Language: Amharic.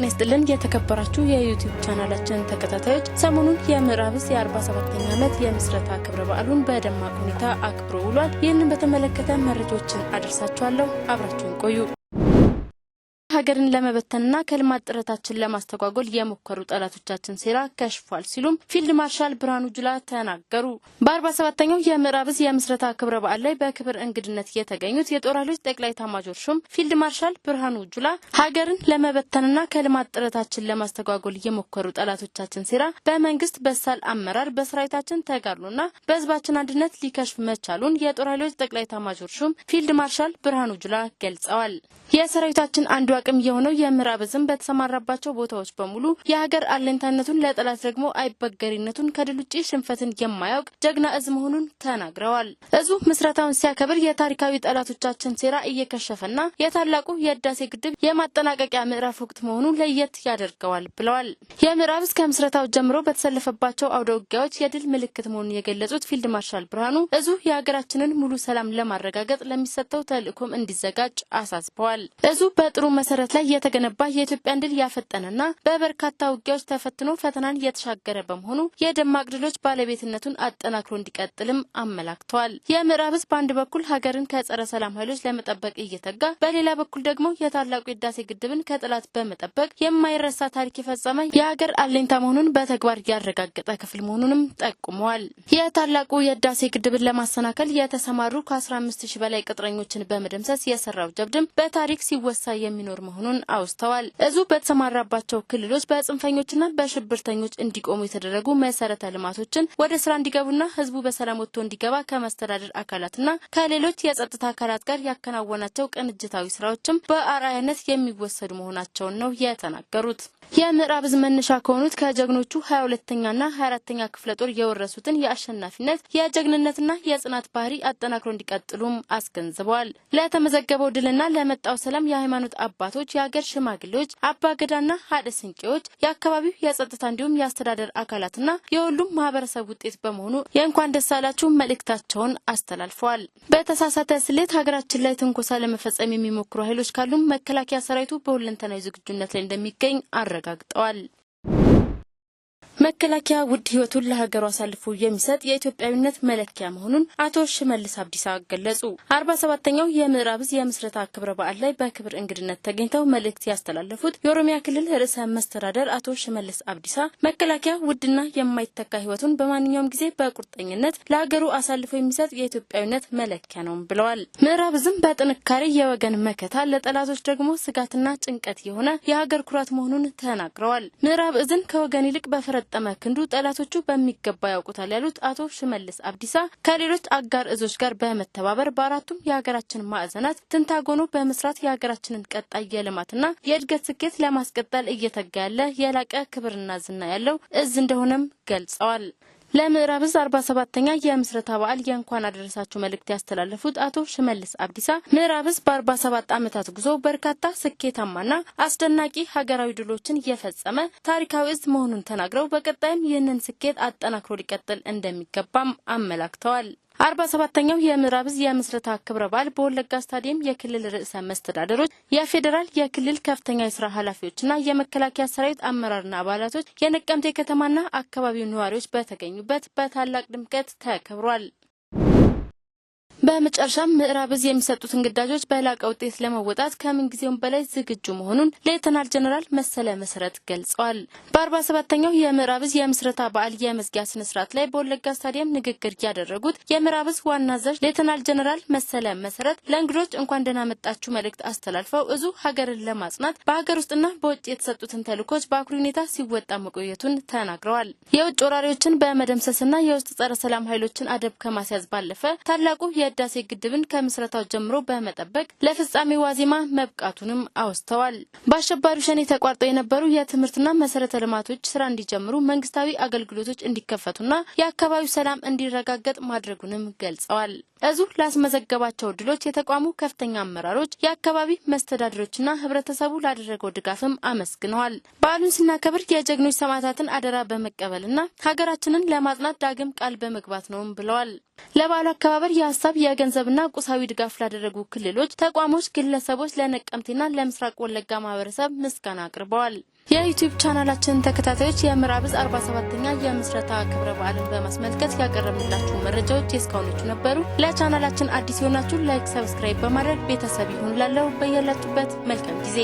ጤና ይስጥልን የተከበራችሁ የዩቲዩብ ቻናላችን ተከታታዮች ሰሞኑን የምዕራብ የ47ኛ ዓመት የምስረታ ክብረ በዓሉን በደማቅ ሁኔታ አክብሮ ውሏል። ይህንን በተመለከተ መረጃዎችን አደርሳችኋለሁ። አብራችሁን ቆዩ። ሀገርን ለመበተንና ከልማት ጥረታችን ለማስተጓጎል የሞከሩ ጠላቶቻችን ሴራ ከሽፏል ሲሉም ፊልድ ማርሻል ብርሃኑ ጁላ ተናገሩ። በአርባ ሰባተኛው የምዕራብ እዝ የምስረታ ክብረ በዓል ላይ በክብር እንግድነት የተገኙት የጦር ኃይሎች ጠቅላይ ኤታማዦር ሹም ፊልድ ማርሻል ብርሃኑ ጁላ ሀገርን ለመበተንና ከልማት ጥረታችን ለማስተጓጎል የሞከሩ ጠላቶቻችን ሴራ በመንግስት በሳል አመራር በሰራዊታችን ተጋድሎና በህዝባችን አንድነት ሊከሽፍ መቻሉን የጦር ኃይሎች ጠቅላይ ኤታማዦር ሹም ፊልድ ማርሻል ብርሃኑ ጁላ ገልጸዋል። የሰራዊታችን አንዱ አቅም የሆነው የምዕራብ እዝም በተሰማራባቸው ቦታዎች በሙሉ የሀገር አለኝታነቱን ለጠላት ደግሞ አይበገሪነቱን ከድል ውጭ ሽንፈትን የማያውቅ ጀግና እዝ መሆኑን ተናግረዋል። እዙ ምስረታውን ሲያከብር የታሪካዊ ጠላቶቻችን ሴራ እየከሸፈና የታላቁ የህዳሴ ግድብ የማጠናቀቂያ ምዕራፍ ወቅት መሆኑ ለየት ያደርገዋል ብለዋል። የምዕራብ እስከ ምስረታው ጀምሮ በተሰለፈባቸው አውደ ውጊያዎች የድል ምልክት መሆኑን የገለጹት ፊልድ ማርሻል ብርሃኑ እዙ የሀገራችንን ሙሉ ሰላም ለማረጋገጥ ለሚሰጠው ተልእኮም እንዲዘጋጅ አሳስበዋል። እዙ በጥሩ መሰረ መሰረት ላይ የተገነባ የኢትዮጵያን ድል ያፈጠነና በበርካታ ውጊያዎች ተፈትኖ ፈተናን የተሻገረ በመሆኑ የደማቅ ድሎች ባለቤትነቱን አጠናክሮ እንዲቀጥልም አመላክተዋል። የምዕራብ ህዝብ በአንድ በኩል ሀገርን ከጸረ ሰላም ኃይሎች ለመጠበቅ እየተጋ በሌላ በኩል ደግሞ የታላቁ የህዳሴ ግድብን ከጥላት በመጠበቅ የማይረሳ ታሪክ የፈጸመ የሀገር አለኝታ መሆኑን በተግባር ያረጋገጠ ክፍል መሆኑንም ጠቁመዋል። የታላቁ የህዳሴ ግድብን ለማሰናከል የተሰማሩ ከ15 ሺህ በላይ ቅጥረኞችን በመደምሰስ የሰራው ጀብድም በታሪክ ሲወሳ የሚኖር የሚኖር መሆኑን አውስተዋል። እዙ በተሰማራባቸው ክልሎች በጽንፈኞችና በሽብርተኞች እንዲቆሙ የተደረጉ መሰረተ ልማቶችን ወደ ስራ እንዲገቡና ህዝቡ በሰላም ወጥቶ እንዲገባ ከመስተዳደር አካላትና ከሌሎች የጸጥታ አካላት ጋር ያከናወናቸው ቅንጅታዊ ስራዎችም በአርአያነት የሚወሰዱ መሆናቸውን ነው የተናገሩት። የምዕራብ እዝ መነሻ ከሆኑት ከጀግኖቹ ሀያ ሁለተኛና ሀያ አራተኛ ክፍለ ጦር የወረሱትን የአሸናፊነት የጀግንነትና የጽናት ባህሪ አጠናክሮ እንዲቀጥሉም አስገንዝበዋል። ለተመዘገበው ድልና ለመጣው ሰላም የሃይማኖት አባ አባቶች፣ የሀገር ሽማግሌዎች፣ አባገዳና ሀደ ስንቄዎች፣ የአካባቢው የጸጥታ እንዲሁም የአስተዳደር አካላትና የሁሉም ማህበረሰብ ውጤት በመሆኑ የእንኳን ደስ አላችሁ መልእክታቸውን አስተላልፈዋል። በተሳሳተ ስሌት ሀገራችን ላይ ትንኮሳ ለመፈጸም የሚሞክሩ ኃይሎች ካሉም መከላከያ ሰራዊቱ በሁለንተናዊ ዝግጁነት ላይ እንደሚገኝ አረጋግጠዋል። መከላከያ ውድ ህይወቱን ለሀገሩ አሳልፎ የሚሰጥ የኢትዮጵያዊነት መለኪያ መሆኑን አቶ ሽመልስ አብዲሳ ገለጹ። አርባ ሰባተኛው የምዕራብ ዕዝ የምስረታ ክብረ በዓል ላይ በክብር እንግድነት ተገኝተው መልእክት ያስተላለፉት የኦሮሚያ ክልል ርዕሰ መስተዳደር አቶ ሽመልስ አብዲሳ መከላከያ ውድና የማይተካ ህይወቱን በማንኛውም ጊዜ በቁርጠኝነት ለሀገሩ አሳልፎ የሚሰጥ የኢትዮጵያዊነት መለኪያ ነው ብለዋል። ምዕራብ ዕዝም በጥንካሬ የወገን መከታ፣ ለጠላቶች ደግሞ ስጋትና ጭንቀት የሆነ የሀገር ኩራት መሆኑን ተናግረዋል። ምዕራብ ዕዝን ከወገን ይልቅ በፈረ በፈረጠመ ክንዱ ጠላቶቹ በሚገባ ያውቁታል ያሉት አቶ ሽመልስ አብዲሳ ከሌሎች አጋር እዞች ጋር በመተባበር በአራቱም የሀገራችን ማዕዘናት ትንታጎኖ በመስራት የሀገራችንን ቀጣይ የልማትና የእድገት ስኬት ለማስቀጠል እየተጋ ያለ የላቀ ክብርና ዝና ያለው እዝ እንደሆነም ገልጸዋል። ለምዕራብ ዕዝ 47 ሰባተኛ የምስረታ በዓል የእንኳን አደረሳችሁ መልእክት ያስተላለፉት አቶ ሽመልስ አብዲሳ ምዕራብ ዕዝ በ ሰባት ዓመታት ጉዞ በርካታ ስኬታማና አስደናቂ ሀገራዊ ድሎችን የፈጸመ ታሪካዊ እዝ መሆኑን ተናግረው በቀጣይም ይህንን ስኬት አጠናክሮ ሊቀጥል እንደሚገባም አመላክተዋል። አርባ ሰባተኛው የምዕራብ ዕዝ የምስረታ ክብረ በዓል በወለጋ ስታዲየም የክልል ርዕሰ መስተዳደሮች፣ የፌዴራል የክልል ከፍተኛ የስራ ኃላፊዎችና የመከላከያ ሰራዊት አመራርና አባላቶች፣ የነቀምቴ ከተማና አካባቢው ነዋሪዎች በተገኙበት በታላቅ ድምቀት ተከብሯል። በመጨረሻም ምዕራብ እዝ የሚሰጡትን ግዳጆች በላቀ ውጤት ለመወጣት ከምንጊዜውም በላይ ዝግጁ መሆኑን ሌተናል ጀኔራል መሰለ መሰረት ገልጸዋል። በአርባ ሰባተኛው የምዕራብ እዝ የምስረታ በዓል የመዝጊያ ስነ ስርዓት ላይ በወለጋ ስታዲየም ንግግር ያደረጉት የምዕራብ እዝ ዋና አዛዥ ሌተናል ጀኔራል መሰለ መሰረት ለእንግዶች እንኳን ደህና መጣችሁ መልእክት አስተላልፈው እዙ ሀገርን ለማጽናት በሀገር ውስጥና በውጭ የተሰጡትን ተልእኮች በአኩሪ ሁኔታ ሲወጣ መቆየቱን ተናግረዋል። የውጭ ወራሪዎችን በመደምሰስና የውስጥ ጸረ ሰላም ኃይሎችን አደብ ከማስያዝ ባለፈ ታላቁ የህዳሴ ግድብን ከምስረታው ጀምሮ በመጠበቅ ለፍጻሜ ዋዜማ መብቃቱንም አውስተዋል። በአሸባሪው ሸኔ ተቋርጠው የነበሩ የትምህርትና መሰረተ ልማቶች ስራ እንዲጀምሩ፣ መንግስታዊ አገልግሎቶች እንዲከፈቱና የአካባቢው ሰላም እንዲረጋገጥ ማድረጉንም ገልጸዋል። እዙ ላስመዘገባቸው ድሎች የተቋሙ ከፍተኛ አመራሮች፣ የአካባቢ መስተዳድሮችና ህብረተሰቡ ላደረገው ድጋፍም አመስግነዋል። በዓሉን ስናከብር የጀግኖች ሰማዕታትን አደራ በመቀበልና ሀገራችንን ለማጽናት ዳግም ቃል በመግባት ነውም ብለዋል። ለበዓሉ አከባበር የሀሳብ የገንዘብና ቁሳዊ ድጋፍ ላደረጉ ክልሎች፣ ተቋሞች፣ ግለሰቦች፣ ለነቀምቴና ለምስራቅ ወለጋ ማህበረሰብ ምስጋና አቅርበዋል። የዩቲዩብ ቻናላችን ተከታታዮች የምራብዝ 47ኛ የምስረታ ክብረ በዓልን በማስመልከት ያቀረብንላችሁ መረጃዎች የእስካሁኖቹ ነበሩ። ለቻናላችን አዲስ የሆናችሁ ላይክ፣ ሰብስክራይብ በማድረግ ቤተሰብ ይሁን ላለው በያላችሁበት መልካም ጊዜ